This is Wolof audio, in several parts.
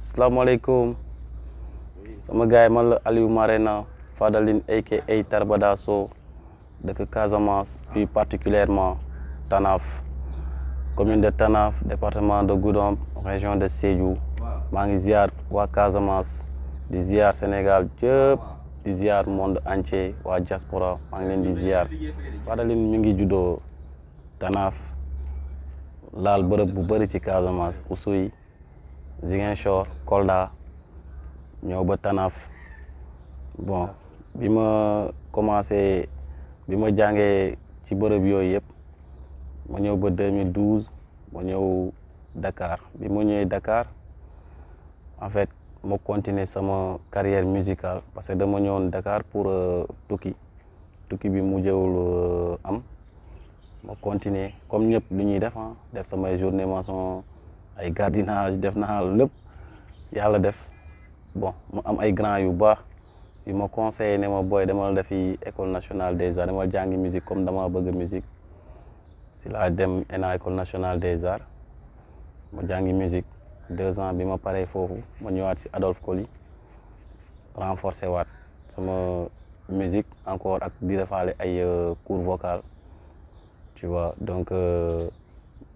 salaamaaleykum sama gars yi man la Aliou Marena Fadalin aka Tarba Dasso Casamance plus particulièrement Tanaf commune de Tanaf département de Goudomp région de Sédhiou maa ngi ziar waa Casamance di ziar Sénégal yëpp di ziar monde entier waa diaspora maa ngi leen di ziar Fadalin mi ngi juddoo Tanaf laal bërëb bu bëri ci Casamance usuy Ziguinchor Kolda ñëw ba bon bi ma commencé bi ma jàngee ci bërëb yooyu yëpp ma ñëw ba 2012 ma ñëw Dakar bi ma ñëwee Dakar en fait ma continuer ma carrière musicale parce que dama ñëwoon Dakar pour euh, Tuki. Tuki bi mu jëwul euh, am ma continuer comme ñep li ñuy def ah, def sama journée son ay gardiennage def naa lépp yàlla def bon mu am ay grand yu baax yu ma conseillé ne ma booy demal defi école nationale des arts demal jàngi musique comme dama bëgg musique si la dem en école nationale des arts mo jàngi musique deux ans bima ma fofu foofu ma ñëwaat si Adolphe Koli, renforcer waat sama musique encore ak di defaale ay euh, cours vocal tu vois donc. Euh,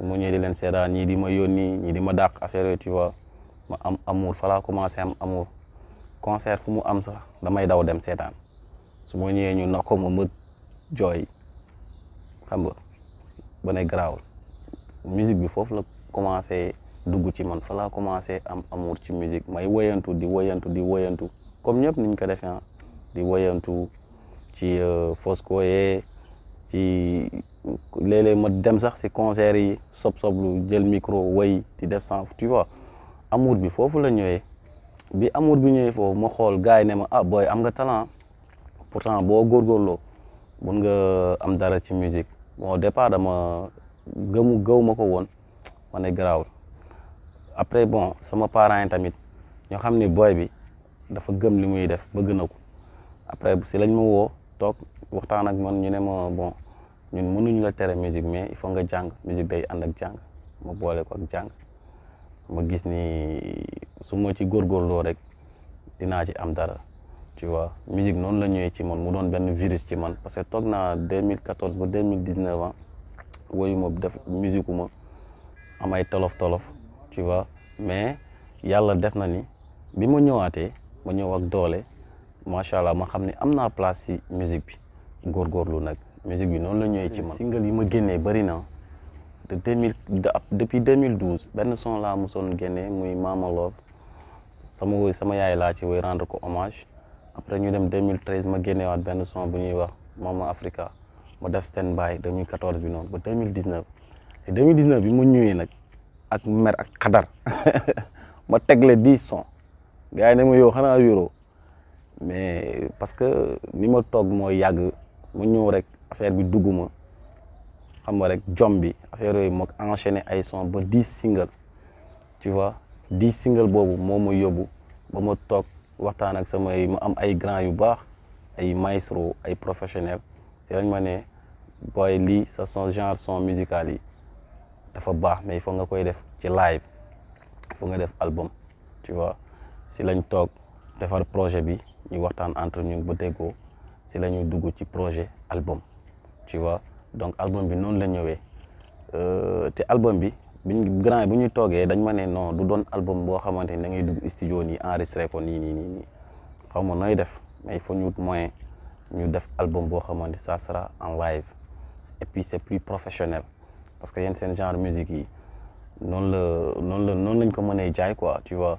moo ñëwee di leen seetaan ñii di ma yónni ñii di ma dàq affaire yooyu tu vois ma am amour fa laa commencé am amour concert fu mu am sax damay daw dem seetaan su ma ñëwee ñu na ko ma ma jooy xam nga ba ne garaawul musique bi foofu la commencé dugg ci man fa laa commencé am amour ci musique may woyantu di woyantu di woyantu comme ñëpp niñ ko defee ah. di woyantu ci euh, Fosco yee ci léeg-léeg ma dem sax si concert yi sob-soblu jël micro way di def sans tu vois amour bi foofu la ñëwee bi amour bi ñëwee foofu ma xool gars yi ne ma ah booy am nga talent pourtant boo góorgóorloo mun nga am dara ci musique bon départ dama gëmu gaw ma ko woon ma ne garaawul après bon sama parent yi tamit ñoo xam ne booy bi dafa gëm li muy def ba na ko après si lañ ma woo toog waxtaan ak man ñu ne ma bon ñun mënuñu la tere musique mais il faut nga jàng musique day ànd ak jàng ma boole ko ak jàng ma gis ni su ma ci góorgóorloo rek dinaa ci am dara ci waa musique noonu la ñëwee ci man mu doon benn virus ci man parce que toog naa 2014 ba 2019 ans woyu ma def musique ma am ay tolof tolof tu vois mais yàlla def na ni bi ma ñëwaatee ma ñëw ak doole. macha allah ma xam ne am naa place si musique bi góorgóorlu nag musique bi noonu la ñëwee ci man. single yi ma génnee bëri na de deux mille depuis 2012 benn son laa mosoon génnee muy Mama Love sama woy sama yaay laa ci woy rendre ko hommage après ñu dem 2013 ma wax benn son bu ñuy wax Mama Africa ma def stand by 2014 bi noonu ba 2019 te 2019 bi mu ñëwee nag ak mer ak xadar ma tegle di son gars yi ne ma yow xanaa yoroo mais parce que ni ma moy yag mu je rek affaire bi la xam nga rek jom bi affaire yooyu enchaîné ay son ba 10 singles. tu vois 10 single ba waxtaan ak mu am ay grand yu ay maestro ay professionnel ci lañ mané boy li sa son genre son musical yi dafa mais il faut nga koy def live il faut nga def album tu vois si lañ tok defar projet bi ñu waxtaan entre ñu bu déggo ci lañu dugg ci projet album tu vois donc album bi non la euh té album bi biñ grand bu ñu toogee dañ ma non du doon album bo xamante da ngay dugg studio ni enregistré ko ni ni ni xawmo noy def mais il faut ñu wut moyen ñu def album bo xamante ça sera en live et puis c'est plus professionnel parce que yéen seen genre musique yi non la non la non lañ ko mënee jaay quoi tu vois.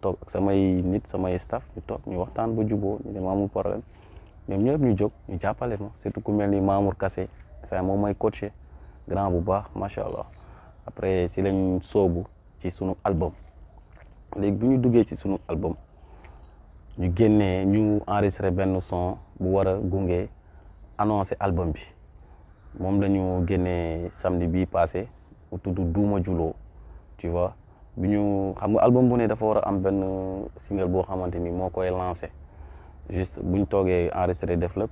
tok ak samay nit samay staff ñu tok ñu waxtaan ba juboo ñu ne ma amul problème ñom ñepp ñu jog ñu jappalé ma surtout ku comme ni Mamour Kassé c'est moom may coaché grand bu baax machallah après si lañ soobu ci sunu album léegi bu ñu duggee ci sunu album ñu génné ñu enregistrer benn son bu wara a annoncer album bi mom lañu génné samedi bi passé mu tudd douma julo tu vois bi ñu xam nga album bu ne dafa war a am benn single boo xamante ni moo lancé juste bu ñu toogee enregistré def lépp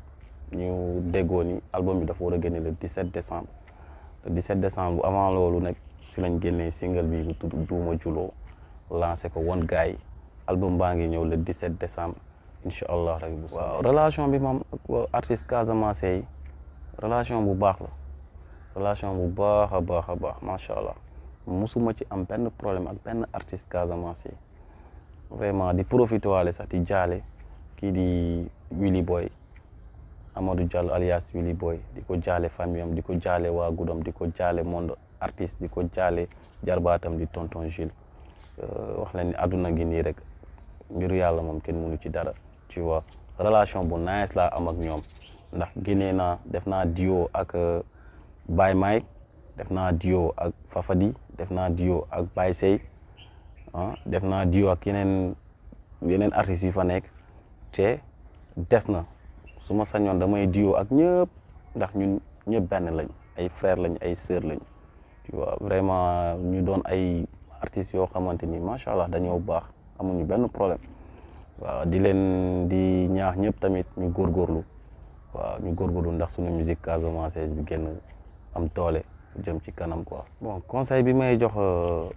ñu déggoo ni album bi dafa war a le 17 décembre le 17 décembre avant loolu nag si lañ génnee single bi bu tudd Duuma Juloo lancé ko One Guy album baa ngi ñëw le 17 décembre incha allah rek relation bi moom artiste Casamance yi relation bu baax la relation bu baax a baax a musuma ci am benn problème ak benn artiste Casamance vraiment di profité waale sax di jaale kii di Willy Boy Amadou Diallo alias Willy Boy di ko jaale famille am di ko jaale waa Gudom di ko jaale monde artiste di ko jaale jarbaatam di tonton Gilles euh, wax la ni àdduna gi rek mbiru yàlla moom kenn mënu ci dara tu vois relation bu nice laa am ak ñoom ndax génnee na def naa duo ak euh, Baye Mike defna duo ak Fafadi defna duo ak Baye Sey ah def duo ak yenen yenen artiste yu fa nek te des suma sañon damay duo ak ñepp ndax ñun ñepp ben lañ ay frère lañ ay sœur lañ tu vois vraiment ñu doon ay artiste yo xamanteni ni macha allah dañoo baax amuñu ben problème wa di len di ñaax ñepp tamit ñu gorlu wa ñu gorlu ndax suñu musique casamance bi genn am tole jëm ci kanam quoi. bon conseil bi may jox euh,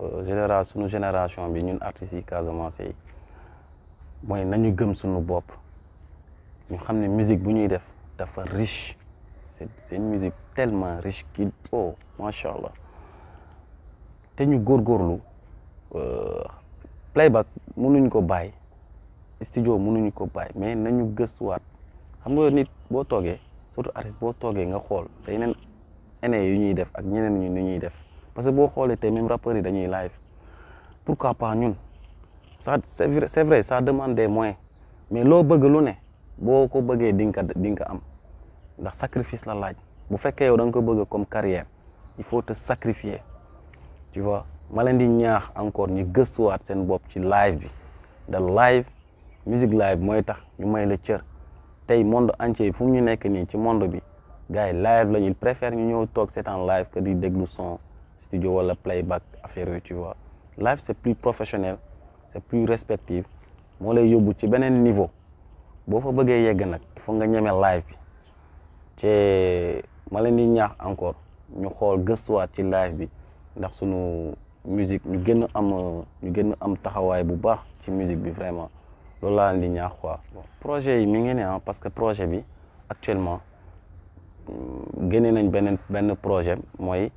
euh, génération sunu génération bi ñun artistes yi Casamance yi moy nañu gëm suñu bop ñu xamné musique bu ñuy def dafa riche c'est c'est une musique tellement riche qui oh té ñu gor gorlu euh playback mënuñ ko bay studio mënuñ ko bay mais nañu gëstuwaat xam nga nit bo toogee surtout artiste bo toogee nga xol sa yeneen aînés ñuy def ak ñeneen ñi ñuy def parce que boo xoolee tey même rappeurs yi dañuy live pourquoi pas ñun ça c' vrai ça demande des moyens mais lo bëgg lu ne boko ko bëggee di nga ko am ndax sacrifice la laaj bu féké yow da nga ko bëgg comme carrière il faut te sacrifier tu vois ma leen ñaax encore ñu gëstuwaat sen bop ci live bi da live music live moy tax ñu may le cër tay monde entier fu ñu nekk ni ci monde bi gars live lañu ils préfèrent ñu en live que di déglu son studio le playback affaire tu vois live c'est plus professionnel c'est plus respectif les lay ci niveau boo fa yegg il live bi te ma encore ñu live bi ndax musique ñu la am am musique bi vraiment Lola quoi. projet yi ah, parce que projet bi actuellement. génnee nañ beneen benn projet mooy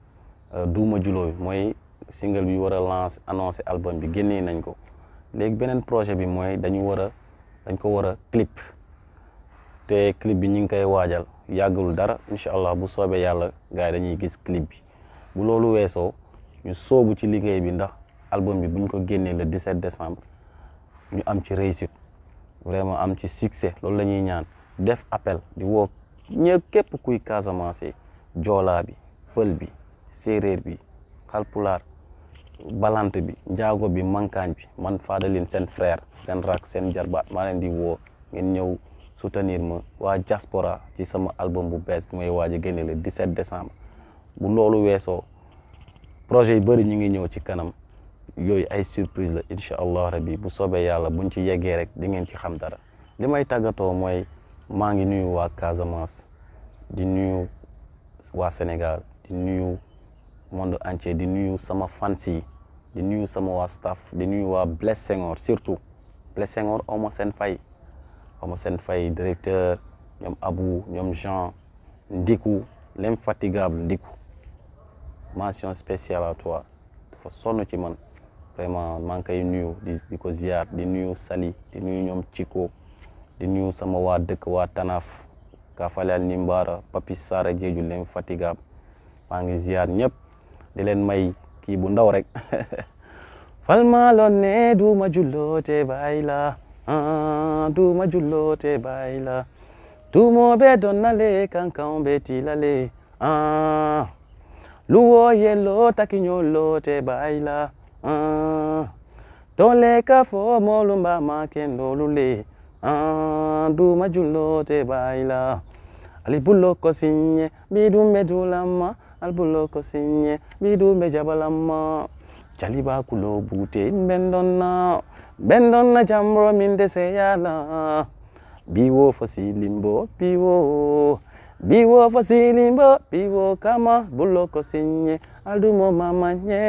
euh, duuma julooy mooy single bi war a lance annoncé album bi génnee nañ ko léegi beneen projet bi mooy dañu war a dañ ko war a clip te clip bi ñu ngi koy waajal yàggul dara incha allah bu soobee yàlla gars yi dañuy gis clip bi bu loolu weesoo ñu soobu ci liggéey bi ndax album bi bu ñu ko génnee la le 17 décembre ñu am ci réussite vraiment am ci succès loolu la ñuy ñaan def appel di woo ñë képp kuy Casamance joolaa bi pël bi séeréer bi xalpulaar balant bi njaago bi mankaañ bi man faada leen seen freer seen rak seen jarbaat maa leen di woo ngeen ñëw soutenir ma waa diaspora ci sama album bu bees mooy may waaj a génne di 17 décembre bu loolu weesoo projet yu bari ñu ngi ñëw ci kanam yooyu ay surprise la incha allah rabbi bu soobee yàlla bu buñ ci yeggee rek di ngeen ci xam dara li may tàggatoo mooy Je nuyu Casamance di nuyu au Sénégal di monde entier di nuyu sama fancy, di à staff di nuyu surtout ma directeur Abou Jean Ndiku l'infatigable Ndiku mention spéciale à toi dafa man vraiment maa nuyu di Sali de nuyu di nuyu sama waa dëkk waa Tanaaf Kafalel Nimbaara Papis Sara Jeeju leen Fatiga maa ngi ziar ñëpp di may kii bu ndaw rek falmaloon ne duuma julloote baay la ah, duuma julloote baay la tumoɓe donnale kankanɓe tilale luwo yello takiñollote baay la tole ka fo molumba ma kendolule Ah, duma julote bayla alibulloko sinye bidumbe julamma albulloko sinye bidumbe jabalamma caliba kulo bute bendonna bendonna jamro minde seyala biwo fosilimbo biwo biwo fosilimbo biwo kama bulloko sinye aldumo mamanye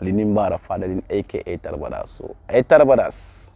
linimbara fadalin aka tarbadaso e tarbadas, e tarbadas.